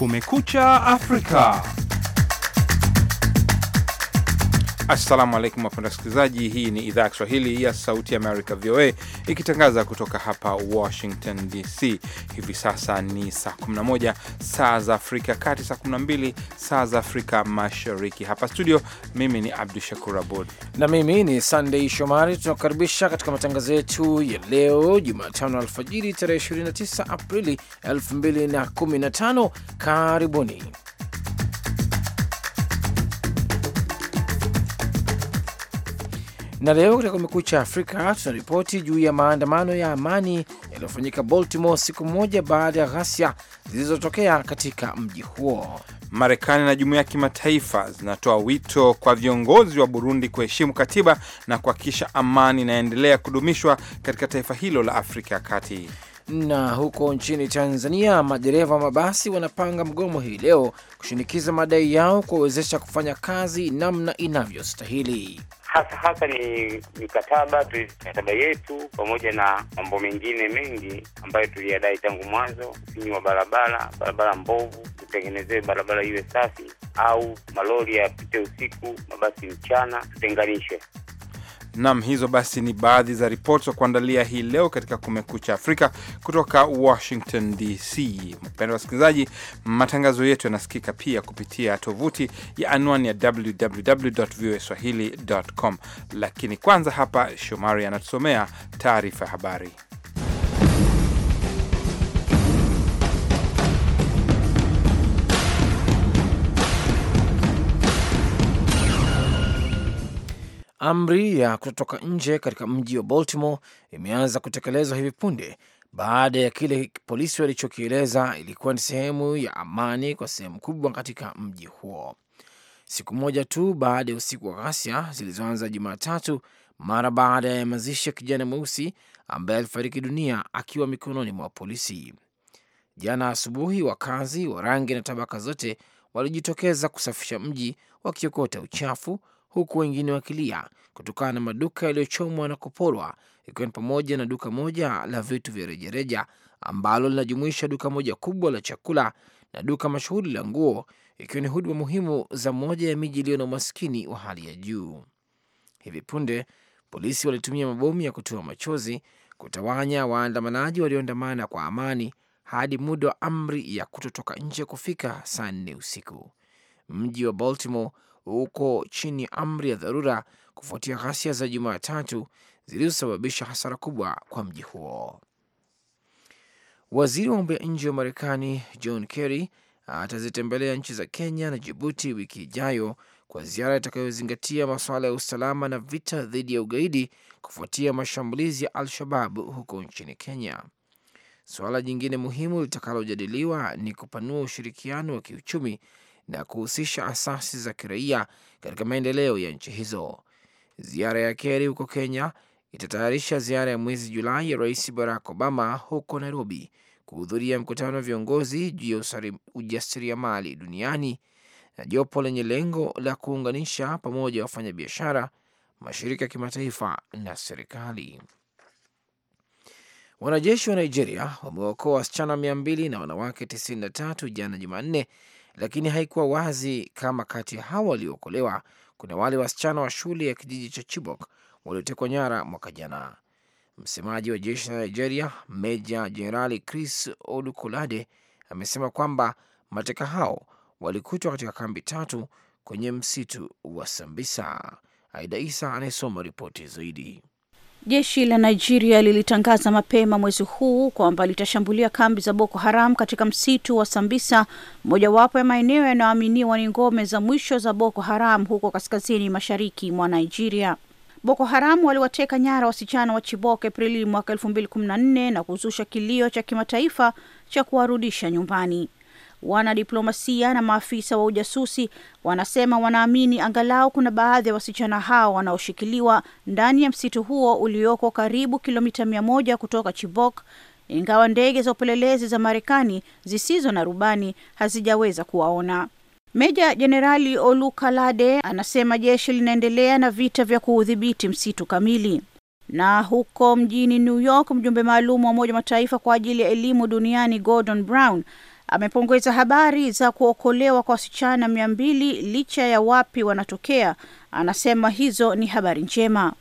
Kumekucha Afrika. Assalamu alaikum wapenda wasikilizaji, hii ni idhaa ya Kiswahili ya Sauti Amerika, VOA, ikitangaza kutoka hapa Washington DC. Hivi sasa ni saa 11 saa za Afrika kati, saa 12 saa za Afrika Mashariki. Hapa studio, mimi ni Abdu Shakur Abud na mimi ni Sandei Shomari. Tunakukaribisha katika matangazo yetu ya leo Jumatano alfajiri, tarehe 29 Aprili 2015. Karibuni. Na leo katika Kumekucha Afrika tunaripoti juu ya maandamano ya amani yaliyofanyika Baltimore siku moja baada ya ghasia zilizotokea katika mji huo. Marekani na jumuiya ya kimataifa zinatoa wito kwa viongozi wa Burundi kuheshimu katiba na kuhakikisha amani inaendelea kudumishwa katika taifa hilo la Afrika ya Kati. Na huko nchini Tanzania, madereva wa mabasi wanapanga mgomo hii leo kushinikiza madai yao kuwawezesha kufanya kazi namna inavyostahili. Hasa hasa ni mikataba mikataba yetu pamoja na mambo mengine mengi ambayo tuliyadai tangu mwanzo, ufinyu wa barabara, barabara mbovu, tutengenezee barabara iwe safi, au malori yapite usiku, mabasi mchana, tutenganishwe. Nam, hizo basi ni baadhi za ripoti za kuandalia hii leo katika Kumekucha Afrika kutoka Washington DC. Mpendwa wasikilizaji, matangazo yetu yanasikika pia kupitia tovuti ya anwani ya www voa swahili com, lakini kwanza hapa Shomari anatusomea taarifa ya habari. Amri ya kutotoka nje katika mji wa Baltimore imeanza kutekelezwa hivi punde baada ya kile polisi walichokieleza ilikuwa ni sehemu ya amani kwa sehemu kubwa katika mji huo, siku moja tu baada ya usiku wa ghasia zilizoanza Jumatatu mara baada ya mazishi ya kijana mweusi ambaye alifariki dunia akiwa mikononi mwa polisi. Jana asubuhi, wakazi wa rangi na tabaka zote walijitokeza kusafisha mji wakiokota uchafu huku wengine wakilia kutokana na maduka yaliyochomwa na kuporwa, ikiwa ni pamoja na duka moja la vitu vya rejareja ambalo linajumuisha duka moja kubwa la chakula na duka mashuhuri la nguo, ikiwa ni huduma muhimu za moja ya miji iliyo na umaskini wa hali ya juu. Hivi punde polisi walitumia mabomu ya kutoa machozi kutawanya waandamanaji walioandamana kwa amani hadi muda wa amri ya kutotoka nje kufika saa nne usiku. Mji wa Baltimore huko chini ya amri ya dharura kufuatia ghasia za Jumatatu zilizosababisha hasara kubwa kwa mji huo. Waziri wa mambo ya nje wa Marekani John Kerry atazitembelea nchi za Kenya na Jibuti wiki ijayo kwa ziara itakayozingatia masuala ya usalama na vita dhidi ya ugaidi kufuatia mashambulizi ya Al-Shabab huko nchini Kenya. Suala jingine muhimu litakalojadiliwa ni kupanua ushirikiano wa kiuchumi na kuhusisha asasi za kiraia katika maendeleo ya nchi hizo. Ziara ya keri huko Kenya itatayarisha ziara ya mwezi Julai ya Rais Barack Obama huko Nairobi kuhudhuria mkutano wa viongozi juu ya ujasiriamali duniani na jopo lenye lengo la kuunganisha pamoja wafanyabiashara, mashirika ya kimataifa na serikali. Wanajeshi wa Nigeria wamewaokoa wasichana mia mbili na wanawake 93 jana Jumanne lakini haikuwa wazi kama kati ya hao waliookolewa kuna wale wasichana wa shule ya kijiji cha Chibok waliotekwa nyara mwaka jana. Msemaji wa jeshi la Nigeria, meja jenerali Chris odukolade amesema kwamba mateka hao walikutwa katika kambi tatu kwenye msitu wa Sambisa. Aida Isa anayesoma ripoti zaidi. Jeshi la Nigeria lilitangaza mapema mwezi huu kwamba litashambulia kambi za Boko Haram katika msitu wa Sambisa, mojawapo ya maeneo yanayoaminiwa ni ngome za mwisho za Boko Haram huko kaskazini mashariki mwa Nigeria. Boko Haram waliwateka nyara wasichana wa Chibok Aprili mwaka elfu mbili kumi na nne na kuzusha kilio cha kimataifa cha kuwarudisha nyumbani. Wanadiplomasia na maafisa wa ujasusi wanasema wanaamini angalau kuna baadhi ya wasichana hao wanaoshikiliwa ndani ya msitu huo ulioko karibu kilomita mia moja kutoka Chibok, ingawa ndege za upelelezi za Marekani zisizo na rubani hazijaweza kuwaona. Meja Jenerali Olukalade anasema jeshi linaendelea na vita vya kuudhibiti msitu kamili. Na huko mjini New York, mjumbe maalum wa Umoja wa Mataifa kwa ajili ya elimu duniani Gordon Brown amepongeza habari za kuokolewa kwa wasichana mia mbili licha ya wapi wanatokea. Anasema hizo ni habari njema.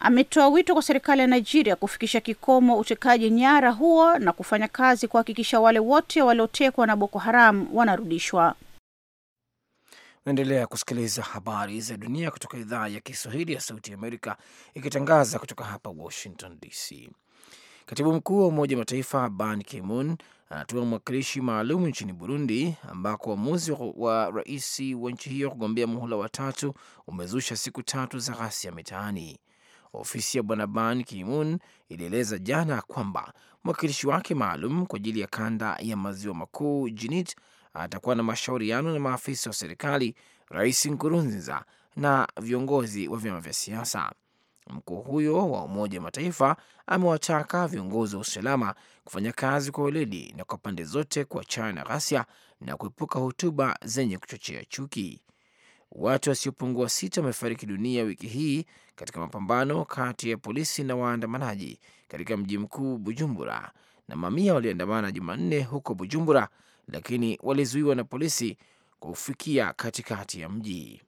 Ametoa wito kwa serikali ya Nigeria kufikisha kikomo utekaji nyara huo na kufanya kazi kuhakikisha wale wote waliotekwa na Boko Haram wanarudishwa. Naendelea kusikiliza habari za dunia kutoka idhaa ya Kiswahili ya Sauti Amerika ikitangaza kutoka hapa Washington DC. Katibu mkuu wa Umoja wa Mataifa Ban kimun anatuma mwakilishi maalum nchini Burundi, ambako uamuzi wa rais wa nchi hiyo kugombea muhula wa tatu umezusha siku tatu za ghasia mitaani. Ofisi ya bwana Ban Kimun ilieleza jana kwamba mwakilishi wake maalum kwa ajili ya kanda ya maziwa makuu Jinit atakuwa na mashauriano na maafisa wa serikali, rais Nkurunziza na viongozi wa vyama vya siasa. Mkuu huyo wa Umoja wa Mataifa amewataka viongozi wa usalama kufanya kazi kwa weledi na kwa pande zote kuachana na ghasia na kuepuka hotuba zenye kuchochea chuki. Watu wasiopungua sita wamefariki dunia wiki hii katika mapambano kati ya polisi na waandamanaji katika mji mkuu Bujumbura, na mamia waliandamana Jumanne huko Bujumbura, lakini walizuiwa na polisi kufikia katikati ya mji.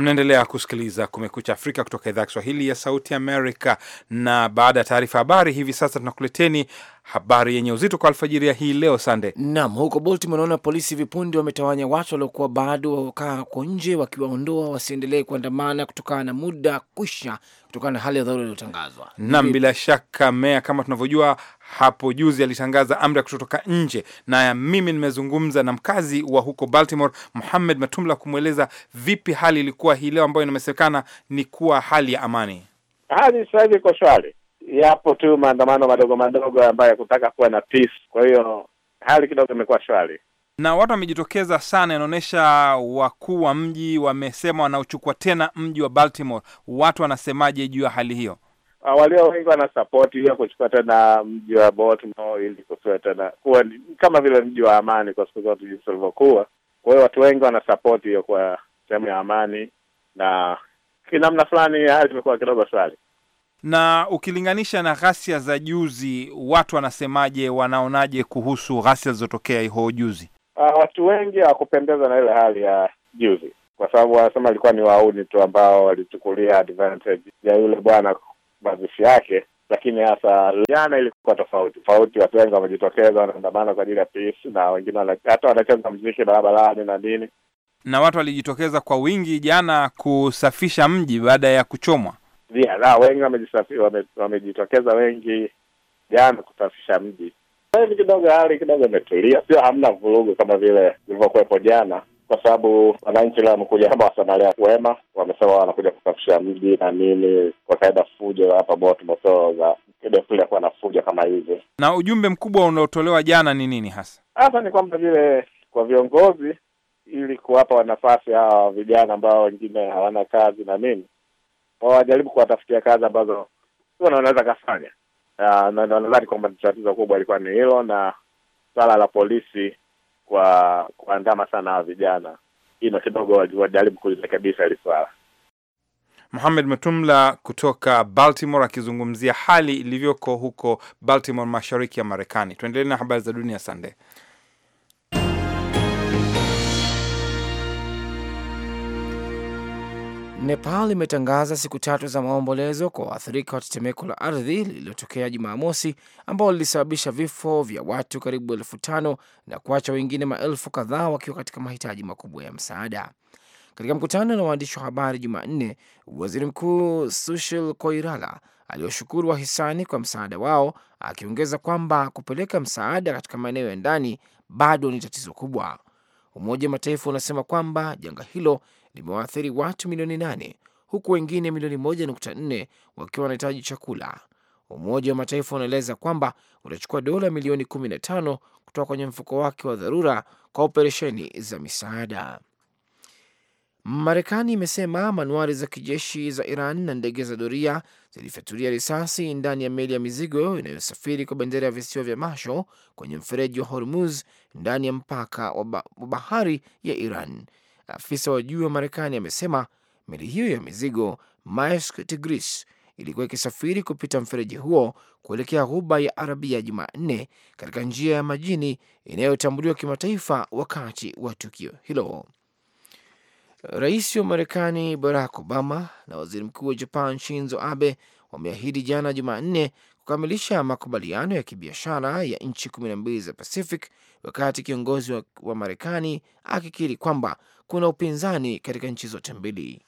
Mnaendelea kusikiliza Kumekucha Afrika kutoka idhaa ya Kiswahili ya Sauti Amerika, na baada ya taarifa habari, hivi sasa tunakuleteni habari yenye uzito kwa alfajiri ya hii leo. Sande nam huko Baltimore, naona polisi vipundi wametawanya watu waliokuwa bado wakaa huko nje, wakiwaondoa wasiendelee kuandamana kutokana na muda kwisha, kutokana na hali ya dharura iliyotangazwa. Nam, bila shaka mea kama tunavyojua, hapo juzi alitangaza amri ya kutotoka nje, na mimi nimezungumza na mkazi wa huko Baltimore, Muhammad Matumla, kumweleza vipi hali ilikuwa hii leo ambayo inamesekana ni kuwa hali ya amani. Hali sasa hivi iko shwari, yapo tu maandamano madogo madogo ambayo yakutaka kuwa na peace. Kwa hiyo hali kidogo imekuwa shwari na watu wamejitokeza sana. Inaonyesha wakuu wa mji wamesema wanaochukua tena mji wa Baltimore. Watu wanasemaje juu ya hali hiyo? uh, walio wengi wanasapoti hiyo kuchukua na mji wa Baltimore ili kusueta na kuwa kama vile mji wa amani kwa siku zote jinsi ulivyokuwa. Kwa hiyo watu wengi wanasapoti hiyo kwa sehemu ya amani, na kinamna fulani hali imekuwa kidogo swali na ukilinganisha na ghasia za juzi, watu wanasemaje? Wanaonaje kuhusu ghasia zilizotokea hiyo juzi? Uh, watu wengi hawakupendezwa na ile hali ya juzi, kwa sababu wanasema ilikuwa ni wauni tu ambao walichukulia advantage ya yule bwana mazishi yake, lakini hasa jana ilikuwa tofauti tofauti. Watu wengi wamejitokeza, wanaandamana kwa ajili ya peace, na wengine hata wanacheza mziki barabarani na nini, na watu walijitokeza kwa wingi jana kusafisha mji baada ya kuchomwa. Yeah, wengi wamejitokeza wengi jana kusafisha mji. Hivi kidogo hali kidogo imetulia, sio hamna vurugu kama vile ilivyokuwepo jana, kwa sababu wananchi leo wamekuja kama wasamaria wema, wamesema wanakuja kusafisha mji na nini. Kwa kaida fujo hapa za tumesoza kidekule kuwa na fujo kama hivi. Na ujumbe mkubwa unaotolewa jana ni nini hasa? Hasa ni kwamba vile kwa viongozi, ili kuwapa nafasi hawa vijana ambao wengine hawana kazi na nini, wawajaribu kuwatafutia kazi ambazo wanaweza kafanya. Ah, nadhani kwamba tatizo kubwa ilikuwa ni hilo na swala la polisi kwa kuandama sana hawa vijana. Hilo kidogo wajaribu kulirekebisha hili swala. Muhamed Mutumla kutoka Baltimore akizungumzia hali ilivyoko huko Baltimore, mashariki ya Marekani. Tuendelee na habari za dunia, Sande. Nepal imetangaza siku tatu za maombolezo kwa waathirika wa tetemeko la ardhi lililotokea Jumamosi ambao lilisababisha vifo vya watu karibu elfu tano na kuacha wengine maelfu kadhaa wakiwa katika mahitaji makubwa ya msaada. Katika mkutano na waandishi wa habari Jumanne, waziri mkuu Sushil Koirala aliwashukuru wahisani kwa msaada wao, akiongeza kwamba kupeleka msaada katika maeneo ya ndani bado ni tatizo kubwa. Umoja wa Mataifa unasema kwamba janga hilo limewaathiri watu milioni nane huku wengine milioni moja nukta nne wakiwa wanahitaji chakula. Umoja wa Mataifa unaeleza kwamba utachukua dola milioni tano kutoka kwenye mfuko wake wa dharura kwa operesheni za misaada. Marekani imesema manuari za kijeshi za Iran na ndege za doria zilifyatulia risasi ndani ya meli ya mizigo inayosafiri kwa bendera ya visiwa vya Marshall kwenye mfereji wa Hormuz ndani ya mpaka wa bahari ya Iran Afisa wa juu wa Marekani amesema meli hiyo ya mizigo Maersk Tigris ilikuwa ikisafiri kupita mfereji huo kuelekea ghuba ya Arabia Jumanne katika njia ya majini inayotambuliwa kimataifa wakati wa tukio hilo. Rais wa Marekani Barack Obama na waziri mkuu wa Japan Shinzo Abe wameahidi jana Jumanne kukamilisha makubaliano ya kibiashara ya nchi kumi na mbili za Pacific, wakati kiongozi wa, wa Marekani akikiri kwamba kuna upinzani katika nchi zote mbili.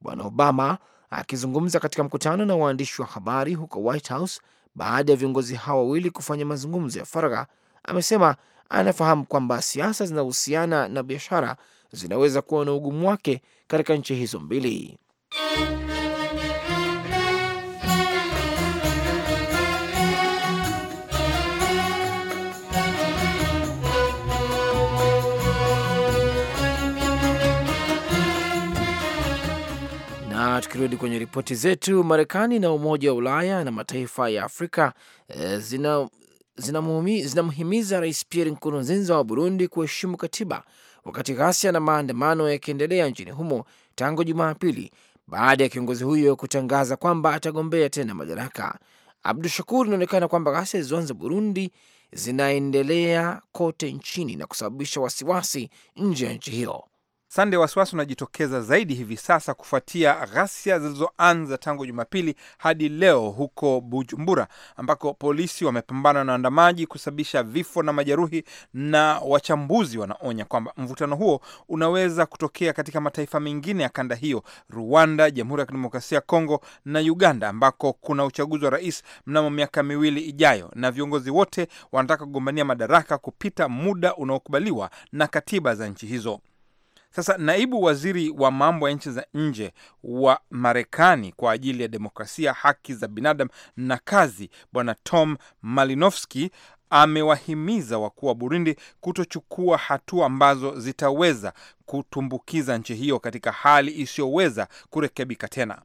Bwana Obama akizungumza katika mkutano na waandishi wa habari huko White House baada ya viongozi hawa wawili kufanya mazungumzo ya faragha, amesema anafahamu kwamba siasa zinahusiana na biashara zinaweza kuwa na ugumu wake katika nchi hizo mbili. Tukirudi kwenye ripoti zetu, Marekani na Umoja wa Ulaya na mataifa ya Afrika zinamhimiza eh, zina zina Rais Pierre Nkurunziza wa Burundi kuheshimu katiba, wakati ghasia na maandamano yakiendelea nchini humo tangu Jumapili baada ya kiongozi huyo kutangaza kwamba atagombea tena madaraka. Abdu Shakur, inaonekana kwamba ghasia zilizoanza Burundi zinaendelea kote nchini na kusababisha wasiwasi nje ya nchi hiyo. Sande, wasiwasi unajitokeza zaidi hivi sasa kufuatia ghasia zilizoanza tangu Jumapili hadi leo huko Bujumbura, ambako polisi wamepambana na waandamaji kusababisha vifo na majeruhi, na wachambuzi wanaonya kwamba mvutano huo unaweza kutokea katika mataifa mengine ya kanda hiyo, Rwanda, Jamhuri ya Kidemokrasia ya Kongo na Uganda, ambako kuna uchaguzi wa rais mnamo miaka miwili ijayo, na viongozi wote wanataka kugombania madaraka kupita muda unaokubaliwa na katiba za nchi hizo. Sasa naibu waziri wa mambo ya nchi za nje wa Marekani kwa ajili ya demokrasia, haki za binadamu na kazi, bwana Tom Malinowski amewahimiza wakuu wa Burundi kutochukua hatua ambazo zitaweza kutumbukiza nchi hiyo katika hali isiyoweza kurekebika tena.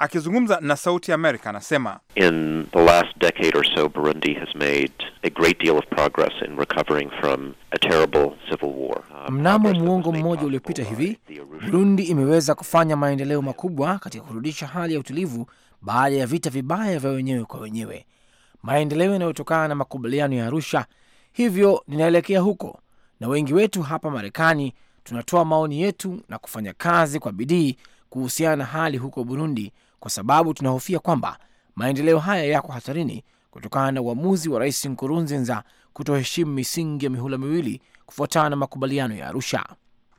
Akizungumza na Sauti Amerika anasema in the last decade or so Burundi has made a great deal of progress in recovering from a terrible civil war. Uh, mnamo muongo mmoja uliopita hivi Burundi imeweza kufanya maendeleo makubwa katika kurudisha hali ya utulivu baada ya vita vibaya vya wenyewe kwa wenyewe, maendeleo yanayotokana na makubaliano ya Arusha. Hivyo ninaelekea huko, na wengi wetu hapa Marekani tunatoa maoni yetu na kufanya kazi kwa bidii kuhusiana na hali huko Burundi kwa sababu tunahofia kwamba maendeleo haya yako hatarini kutokana na uamuzi wa Rais Nkurunziza kutoheshimu misingi ya mihula miwili kufuatana na makubaliano ya Arusha.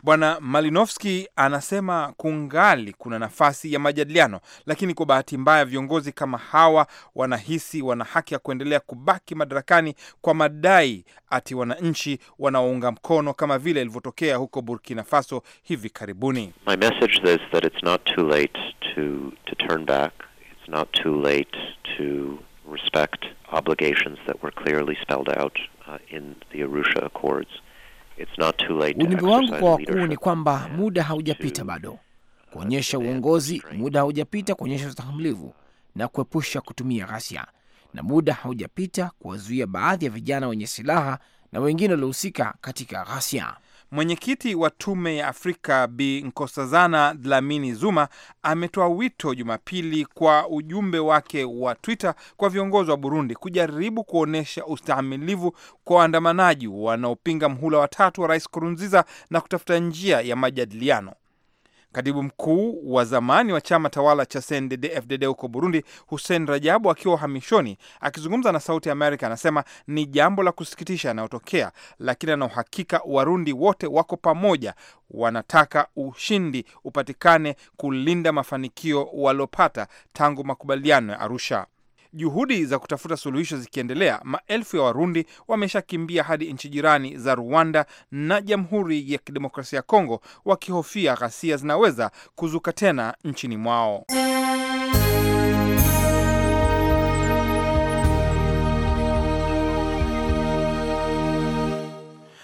Bwana Malinowski anasema kungali kuna nafasi ya majadiliano, lakini kwa bahati mbaya viongozi kama hawa wanahisi wana haki ya kuendelea kubaki madarakani kwa madai ati wananchi wanaounga mkono, kama vile ilivyotokea huko Burkina Faso hivi karibuni. My message is that it's not too late to, to turn back. It's not too late to respect obligations that were clearly spelled out uh, in the Arusha Accords. Ujumbe wangu kwa wakuu ni kwamba muda haujapita bado uh, kuonyesha uongozi, muda haujapita kuonyesha ustahamilivu na kuepusha kutumia ghasia, na muda haujapita kuwazuia baadhi ya vijana wenye silaha na wengine waliohusika katika ghasia. Mwenyekiti wa tume ya Afrika Bi Nkosazana Dlamini Zuma ametoa wito Jumapili kwa ujumbe wake wa Twitter kwa viongozi wa Burundi kujaribu kuonyesha ustahamilivu kwa waandamanaji wanaopinga mhula watatu wa Rais Kurunziza na kutafuta njia ya majadiliano. Katibu mkuu wa zamani wa chama tawala cha CNDD-FDD huko Burundi, Hussein Rajabu, akiwa uhamishoni, akizungumza na Sauti ya Amerika, anasema ni jambo la kusikitisha yanayotokea, lakini ana uhakika Warundi wote wako pamoja, wanataka ushindi upatikane kulinda mafanikio waliopata tangu makubaliano ya Arusha. Juhudi za kutafuta suluhisho zikiendelea, maelfu ya Warundi wameshakimbia hadi nchi jirani za Rwanda na Jamhuri ya Kidemokrasia ya Kongo wakihofia ghasia zinaweza kuzuka tena nchini mwao.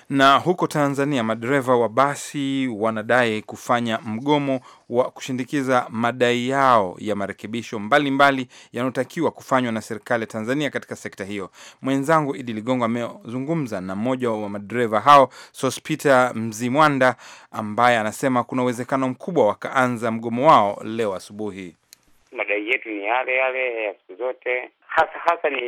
Na huko Tanzania, madereva wa basi wanadai kufanya mgomo wa kushindikiza madai yao ya marekebisho mbalimbali yanayotakiwa kufanywa na serikali ya Tanzania katika sekta hiyo. Mwenzangu Idi Ligongo amezungumza na mmoja wa madereva hao, Sospita Mzimwanda, ambaye anasema kuna uwezekano mkubwa wakaanza mgomo wao leo asubuhi. Madai yetu ni yale yale ya siku zote, hasa hasa ni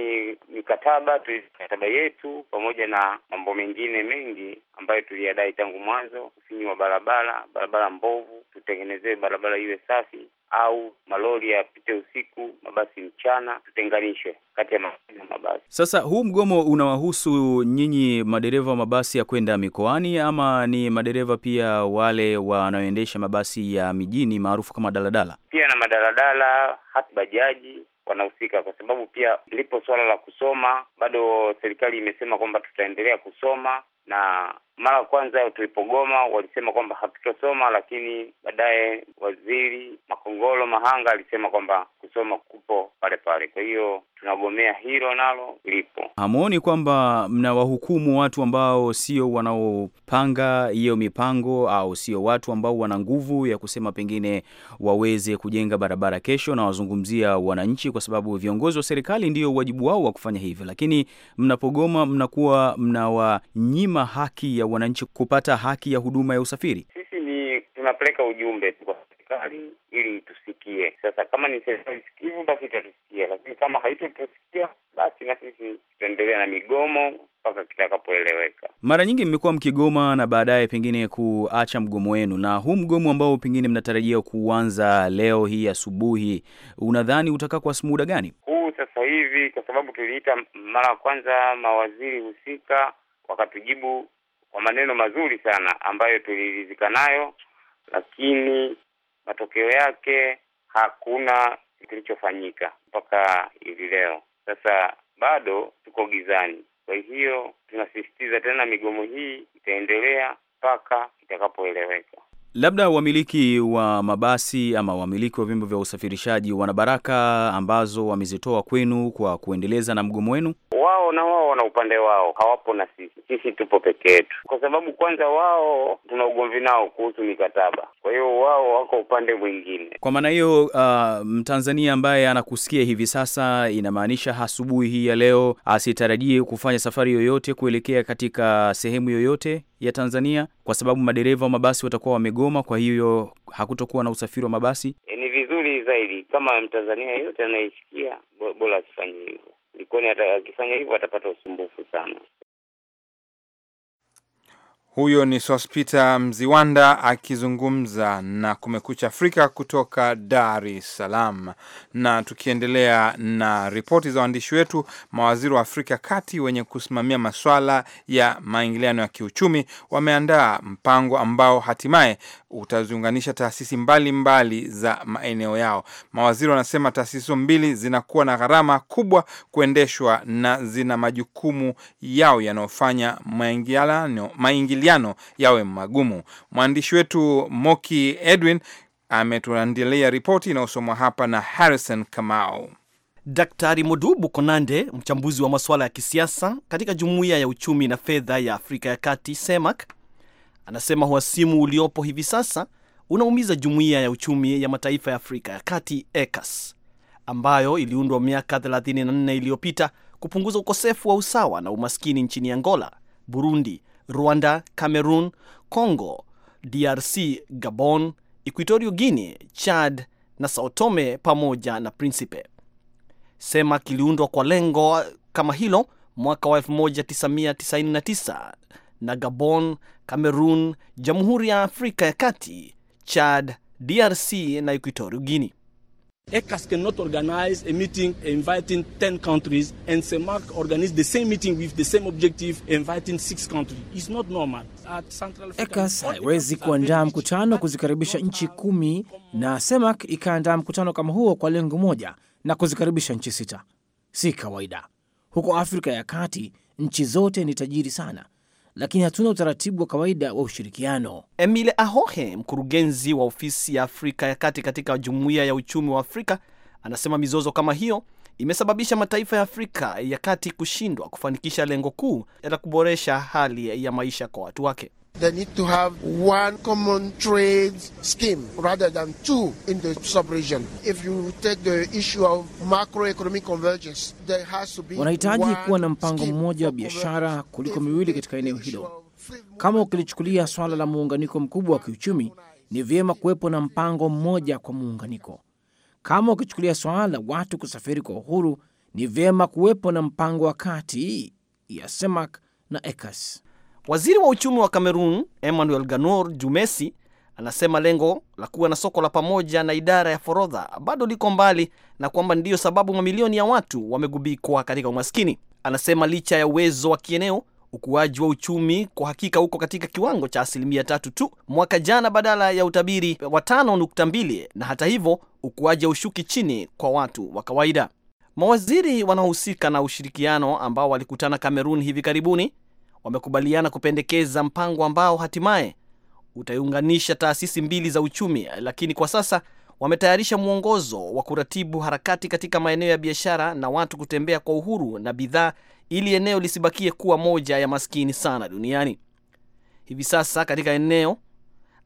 mikataba mikataba yetu pamoja na mambo mengine mengi ambayo tuliyadai tangu mwanzo, ufinyi wa barabara, barabara mbovu, tutengenezee barabara iwe safi, au malori yapite usiku, mabasi mchana, tutenganishwe kati ya mabasi na mabasi. Sasa huu mgomo unawahusu nyinyi madereva wa mabasi ya kwenda mikoani, ama ni madereva pia wale wanaoendesha mabasi ya mijini maarufu kama daladala? Pia na madaladala, hata bajaji wanahusika, kwa sababu pia lipo suala la kusoma. Bado serikali imesema kwamba tutaendelea kusoma na mara ya kwanza tulipogoma walisema kwamba hatutosoma, lakini baadaye waziri Makongolo Mahanga alisema kwamba kusoma kupo pale pale. Kwa hiyo tunagomea hilo nalo lipo. Hamuoni kwamba mnawahukumu watu ambao sio wanaopanga hiyo mipango au sio watu ambao wana nguvu ya kusema pengine waweze kujenga barabara kesho? Na wazungumzia wananchi, kwa sababu viongozi wa serikali ndio wajibu wao wa kufanya hivyo, lakini mnapogoma mnakuwa mnawanyima kupima haki ya wananchi kupata haki ya huduma ya usafiri? Sisi ni tunapeleka ujumbe kwa serikali ili tusikie. Sasa kama ni serikali sikivu, basi itatusikia, lakini kama haitotusikia, basi na sisi tutaendelea na migomo mpaka kitakapoeleweka. Mara nyingi mmekuwa mkigoma na baadaye pengine kuacha mgomo wenu, na huu mgomo ambao pengine mnatarajia kuanza leo hii asubuhi, unadhani utakaa kwa muda gani? Huu sasa hivi, kwa sababu tuliita mara ya kwanza mawaziri husika wakatujibu kwa maneno mazuri sana ambayo tuliridhika nayo, lakini matokeo yake hakuna kilichofanyika mpaka hivi leo. Sasa bado tuko gizani. Kwa hiyo tunasisitiza tena, migomo hii itaendelea mpaka itakapoeleweka. Labda wamiliki wa mabasi ama wamiliki wa vyombo vya usafirishaji, wana baraka ambazo wamezitoa kwenu kwa kuendeleza na mgomo wenu? wao na wao wana upande wao, hawapo na sisi. Sisi tupo peke yetu, kwa sababu kwanza wao tuna ugomvi nao kuhusu mikataba, kwa hiyo wao wako upande mwingine. Kwa maana hiyo, uh, Mtanzania ambaye anakusikia hivi sasa, inamaanisha asubuhi hii ya leo asitarajie kufanya safari yoyote kuelekea katika sehemu yoyote ya Tanzania kwa sababu madereva wa mabasi watakuwa wamegoma, kwa hiyo hakutokuwa na usafiri wa mabasi. E, ni vizuri zaidi kama Mtanzania yeyote anayesikia, bora asifanye kwani akifanya hivyo atapata usumbufu sana. Huyo ni Sospita Mziwanda akizungumza na Kumekucha Afrika kutoka Dar es Salaam. Na tukiendelea na ripoti za waandishi wetu, mawaziri wa Afrika Kati wenye kusimamia maswala ya maingiliano ya kiuchumi wameandaa mpango ambao hatimaye utaziunganisha taasisi mbalimbali mbali za maeneo yao. Mawaziri wanasema taasisi mbili zinakuwa na gharama kubwa kuendeshwa na zina majukumu yao yanayofanya maingiliano yawe magumu. Mwandishi wetu Moki Edwin ametuandalia ripoti inayosomwa hapa na Harrison Kamau. Daktari Modubu Konande, mchambuzi wa masuala ya kisiasa katika Jumuiya ya Uchumi na Fedha ya Afrika ya Kati, semac Anasema uhasimu uliopo hivi sasa unaumiza jumuiya ya uchumi ya mataifa ya Afrika ya Kati, ECAS, ambayo iliundwa miaka 34 iliyopita kupunguza ukosefu wa usawa na umaskini nchini Angola, Burundi, Rwanda, Cameroon, Congo, DRC, Gabon, Equatorio Guinea, Chad na Sao Tome pamoja na Principe. Sema kiliundwa kwa lengo kama hilo mwaka wa 1999 na Gabon Cameroon, Jamhuri ya Afrika ya Kati, Chad, DRC na Equatorial Guinea. ECAS cannot organize a meeting inviting 10 countries and CEMAC organize the same meeting with the same objective inviting 6 countries. It's not normal. At Central Africa, ECAS haiwezi kuandaa mkutano kuzikaribisha nchi kumi na CEMAC ikaandaa mkutano kama huo kwa lengo moja na kuzikaribisha nchi sita. Si kawaida. Huko Afrika ya Kati, nchi zote ni tajiri sana lakini hatuna utaratibu wa kawaida wa ushirikiano. Emile Ahohe, mkurugenzi wa ofisi ya Afrika ya Kati katika Jumuiya ya Uchumi wa Afrika, anasema mizozo kama hiyo imesababisha mataifa ya Afrika ya Kati kushindwa kufanikisha lengo kuu la kuboresha hali ya maisha kwa watu wake. They need to have one common trade scheme rather than two in the sub-region. If you take the issue of macroeconomic convergence, there has to be wanahitaji kuwa na mpango mmoja wa biashara kuliko miwili katika eneo hilo. Kama ukilichukulia swala la muunganiko mkubwa wa kiuchumi, ni vyema kuwepo na mpango mmoja kwa muunganiko. Kama ukichukulia swala la watu kusafiri kwa uhuru, ni vyema kuwepo na mpango wa kati ya CEMAC na ECAS. Waziri wa uchumi wa cameron Emmanuel Ganor Jumesi anasema lengo la kuwa na soko la pamoja na idara ya forodha bado liko mbali na kwamba ndiyo sababu mamilioni ya watu wamegubikwa katika umaskini. Anasema licha ya uwezo wa kieneo, ukuaji wa uchumi kwa hakika uko katika kiwango cha asilimia tatu tu mwaka jana badala ya utabiri wa tano nukta mbili na hata hivyo ukuaji wa ushuki chini kwa watu wa kawaida. Mawaziri wanaohusika na ushirikiano ambao walikutana Kamerun hivi karibuni wamekubaliana kupendekeza mpango ambao hatimaye utaiunganisha taasisi mbili za uchumi, lakini kwa sasa wametayarisha mwongozo wa kuratibu harakati katika maeneo ya biashara na watu kutembea kwa uhuru na bidhaa, ili eneo lisibakie kuwa moja ya maskini sana duniani. Hivi sasa katika eneo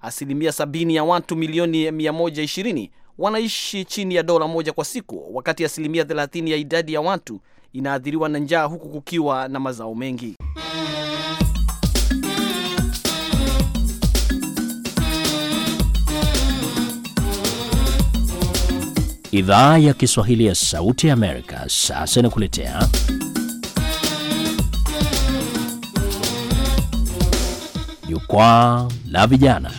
asilimia sabini ya watu milioni 120 wanaishi chini ya dola moja kwa siku, wakati asilimia 30 ya idadi ya watu inaathiriwa na njaa, huku kukiwa na mazao mengi Idhaa ya Kiswahili ya Sauti ya Amerika sasa inakuletea Jukwaa la Vijana.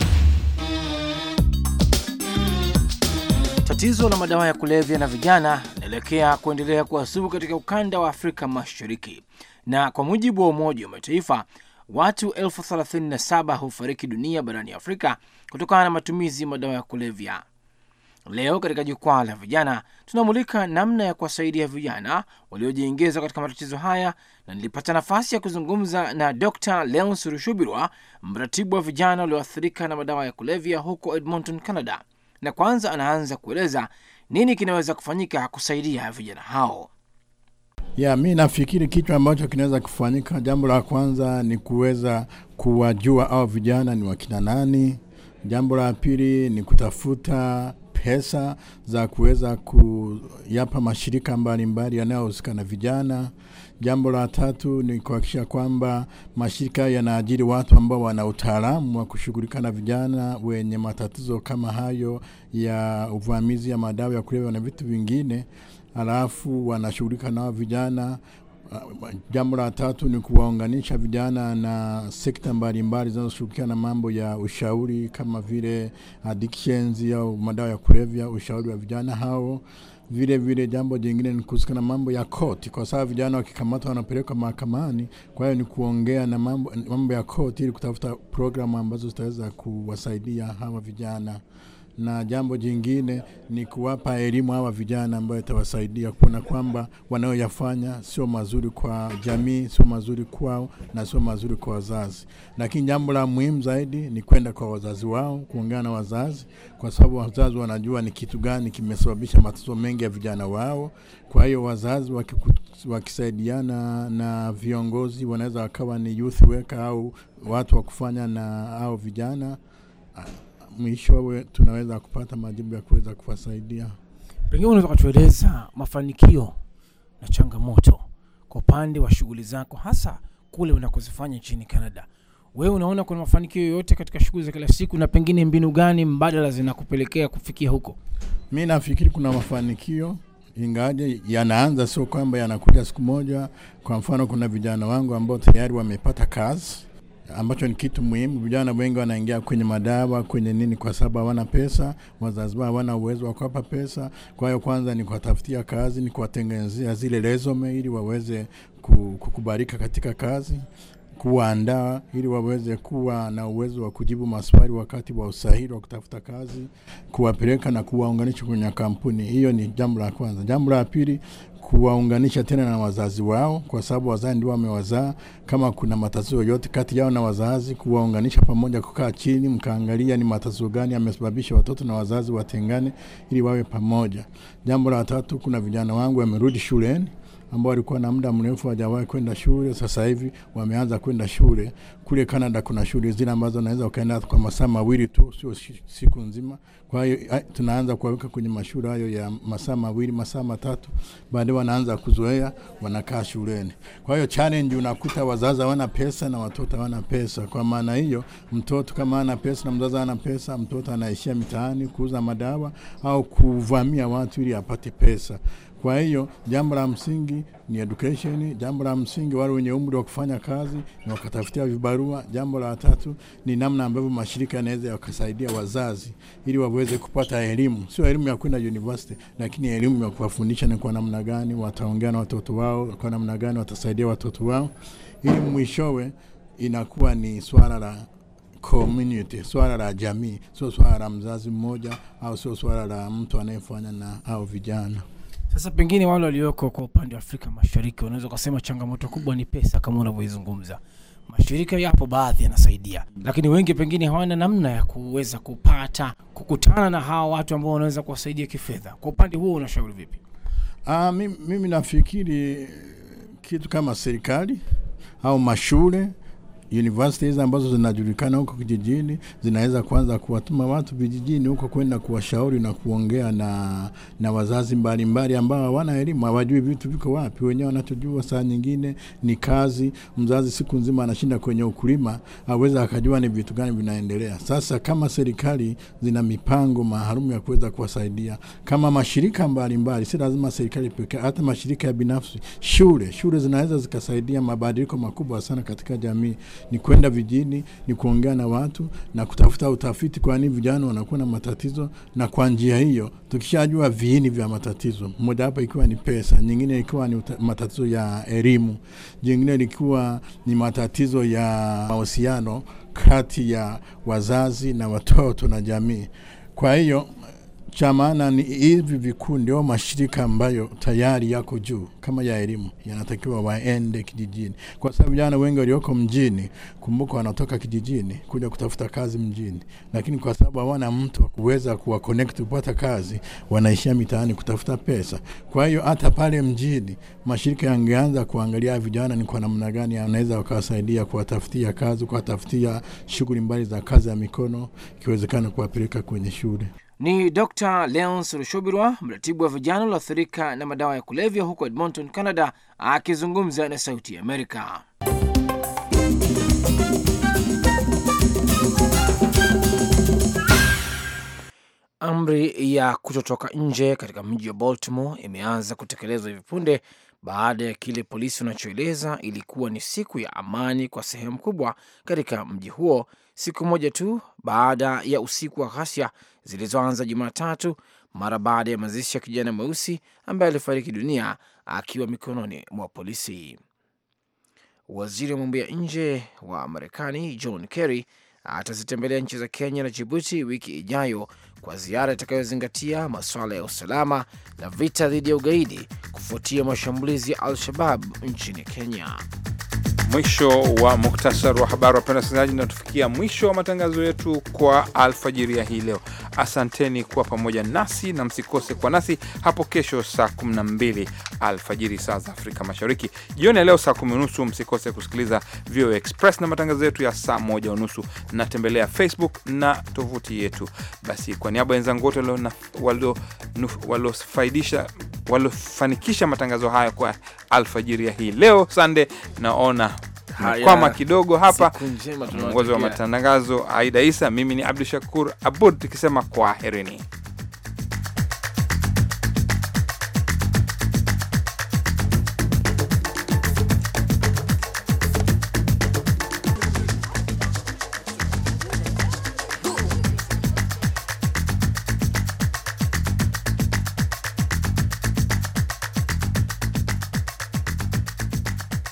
Tatizo la madawa ya kulevya na vijana linaelekea kuendelea kuwasubu katika ukanda wa Afrika Mashariki, na kwa mujibu wa Umoja wa Mataifa watu elfu 37 hufariki dunia barani Afrika kutokana na matumizi madawa ya kulevya Leo katika jukwaa la vijana tunamulika namna ya kuwasaidia vijana waliojiingiza katika matatizo haya, na nilipata nafasi ya kuzungumza na Dr. Leons Rushubirwa, mratibu wa vijana walioathirika na madawa ya kulevya huko Edmonton, Canada, na kwanza anaanza kueleza nini kinaweza kufanyika kusaidia vijana hao. Ya, mi nafikiri kitu ambacho kinaweza kufanyika, jambo la kwanza ni kuweza kuwajua au vijana ni wakina nani. Jambo la pili ni kutafuta pesa za kuweza kuyapa mashirika mbalimbali yanayohusika na vijana. Jambo la tatu ni kuhakikisha kwamba mashirika yanaajiri watu ambao wana utaalamu wa kushughulika na vijana wenye matatizo kama hayo ya uvamizi ya madawa ya kulevya na vitu vingine, alafu wanashughulika nao vijana Jambo la tatu ni kuwaunganisha vijana na sekta mbalimbali zinazoshughulikia na mambo ya ushauri kama vile addictions au madawa ya kulevya, ushauri wa vijana hao. Vile vile jambo jingine ni kuhusika na mambo ya koti, kwa sababu vijana wakikamatwa wanapelekwa mahakamani. Kwa hiyo ni kuongea na mambo, mambo ya koti ili kutafuta programu ambazo zitaweza kuwasaidia hawa vijana na jambo jingine ni kuwapa elimu hawa vijana ambayo itawasaidia kuona kwamba wanayoyafanya sio mazuri kwa jamii, sio mazuri kwao na sio mazuri kwa wazazi. Lakini jambo la muhimu zaidi ni kwenda kwa wazazi wao, kuongea na wazazi, kwa sababu wazazi wanajua ni kitu gani kimesababisha matatizo mengi ya vijana wao. Kwa hiyo wazazi wakisaidiana na viongozi wanaweza wakawa ni youth worker au watu wa kufanya na hao vijana mwishowe tunaweza kupata majibu ya kuweza kuwasaidia. Pengine unaweza kutueleza mafanikio na changamoto kwa upande wa shughuli zako, hasa kule unakozifanya nchini Canada. Wewe unaona kuna mafanikio yoyote katika shughuli za kila siku, na pengine mbinu gani mbadala zinakupelekea kufikia huko? Mi nafikiri kuna mafanikio ingaje yanaanza, sio kwamba yanakuja siku moja. Kwa mfano, kuna vijana wangu ambao tayari wamepata kazi ambacho ni kitu muhimu. Vijana wengi wanaingia kwenye madawa kwenye nini, kwa sababu hawana pesa, wazazi wao hawana uwezo wa kuwapa pesa. Kwa hiyo kwanza ni kuwatafutia kazi, ni kuwatengenezea zile resume ili waweze kukubalika katika kazi kuwaandaa ili waweze kuwa na uwezo wa kujibu maswali wakati wa usahili wa kutafuta kazi, kuwapeleka na kuwaunganisha kwenye kampuni. Hiyo ni jambo la kwanza. Jambo la pili, kuwaunganisha tena na wazazi wao, kwa sababu wazazi ndio wamewazaa. Kama kuna matatizo yote kati yao na wazazi, kuwaunganisha pamoja, kukaa chini, mkaangalia ni matatizo gani yamesababisha watoto na wazazi watengane, ili wawe pamoja. Jambo la tatu, kuna vijana wangu wamerudi shuleni ambao walikuwa na muda mrefu hawajawahi kwenda shule, sasa hivi wameanza kwenda shule. Kule Canada kuna shule zile ambazo naweza ukaenda kwa masaa mawili tu, sio siku nzima. Kwa hiyo tunaanza kuwaweka kwenye mashule hayo ya masaa mawili, masaa matatu, baadaye wanaanza kuzoea, wanakaa shuleni. Kwa hiyo challenge, unakuta wazazi hawana pesa na watoto hawana pesa. Kwa maana hiyo, mtoto kama ana pesa na mzazi ana pesa, mtoto anaishia mitaani kuuza madawa au kuvamia watu ili apate pesa. Kwa hiyo jambo la msingi ni education, jambo la msingi wale wenye umri wa kufanya kazi ni wakatafutia vibarua. Jambo la tatu ni namna ambavyo mashirika yanaweza yakasaidia wazazi ili waweze kupata elimu, sio elimu ya kwenda university, lakini elimu ya kuwafundisha ni kwa namna gani wataongea na watoto wao, kwa namna gani watasaidia watoto wao, ili mwishowe inakuwa ni swala la community, swala la jamii, sio swala la mzazi mmoja au sio swala la mtu anayefanya na au vijana. Sasa pengine wale walioko kwa upande wa Afrika Mashariki wanaweza kusema changamoto kubwa ni pesa, kama unavyoizungumza. Mashirika yapo baadhi yanasaidia, lakini wengi pengine hawana namna ya kuweza kupata kukutana na hawa watu ambao wanaweza kuwasaidia kifedha. Kwa upande huo unashauri vipi? Ah, mimi, mimi nafikiri kitu kama serikali au mashule universities ambazo zinajulikana huko kijijini zinaweza kwanza kuwatuma watu vijijini huko kwenda kuwashauri na kuongea na, na wazazi mbalimbali ambao hawana elimu, hawajui vitu viko wapi. Wenyewe wanachojua saa nyingine ni kazi. Mzazi siku nzima anashinda kwenye ukulima, aweza akajua ni vitu gani vinaendelea. Sasa kama serikali zina mipango maalum ya kuweza kuwasaidia, kama mashirika mbalimbali, si lazima serikali pekee, hata mashirika ya binafsi, shule shule zinaweza zikasaidia mabadiliko makubwa sana katika jamii ni kwenda vijini, ni kuongea na watu na kutafuta utafiti, kwani vijana wanakuwa na matatizo. Na kwa njia hiyo tukishajua viini vya matatizo, moja hapa ikiwa ni pesa, nyingine ikiwa ni matatizo ya elimu, nyingine likiwa ni matatizo ya mahusiano kati ya wazazi na watoto na jamii. Kwa hiyo cha maana ni hivi vikundi au mashirika ambayo tayari yako juu kama ya elimu yanatakiwa waende kijijini, kwa sababu jana wengi walioko mjini, kumbuka, wanatoka kijijini kuja kutafuta kazi mjini, lakini kwa sababu hawana mtu wa kuweza kuwa connect kupata kazi, wanaishia mitaani kutafuta pesa. Kwa hiyo hata pale mjini mashirika yangeanza kuangalia vijana ni kwa namna gani anaweza wakawasaidia kuwatafutia kazi, kuwatafutia shughuli mbali za kazi ya mikono, ikiwezekana kuwapeleka kwenye shule. Ni Dr Leons Rushobirwa, mratibu wa vijana ulioathirika na madawa ya kulevya huko Edmonton, Canada, akizungumza na Sauti ya Amerika. Amri ya kutotoka nje katika mji wa Baltimore imeanza kutekelezwa hivi punde baada ya kile polisi wanachoeleza ilikuwa ni siku ya amani kwa sehemu kubwa katika mji huo siku moja tu baada ya usiku wa ghasia zilizoanza Jumatatu mara baada ya mazishi ya kijana mweusi ambaye alifariki dunia akiwa mikononi mwa polisi. Waziri wa mambo ya nje wa Marekani John Kerry atazitembelea nchi za Kenya na Jibuti wiki ijayo kwa ziara itakayozingatia masuala ya usalama na vita dhidi ya ugaidi kufuatia mashambulizi ya Al-Shabab nchini Kenya. Mwisho wa muktasari wa habari. Wapenda wasikilizaji, natufikia mwisho wa matangazo yetu kwa alfajiri ya hii leo. Asanteni kuwa pamoja nasi na msikose kwa nasi hapo kesho saa 12 alfajiri saa za Afrika Mashariki. Jioni ya leo saa kumi unusu msikose kusikiliza VOA Express na matangazo yetu ya saa moja unusu. tembelea Facebook na tovuti yetu. Basi kwa niaba ya wenzangu wote waliofaidisha waliofanikisha matangazo haya kwa alfajiri ya hii leo, sande, naona kwama kidogo hapa. Mwongozi wa matangazo Aida Isa, mimi ni Abdu Shakur Abud, tukisema kwaherini.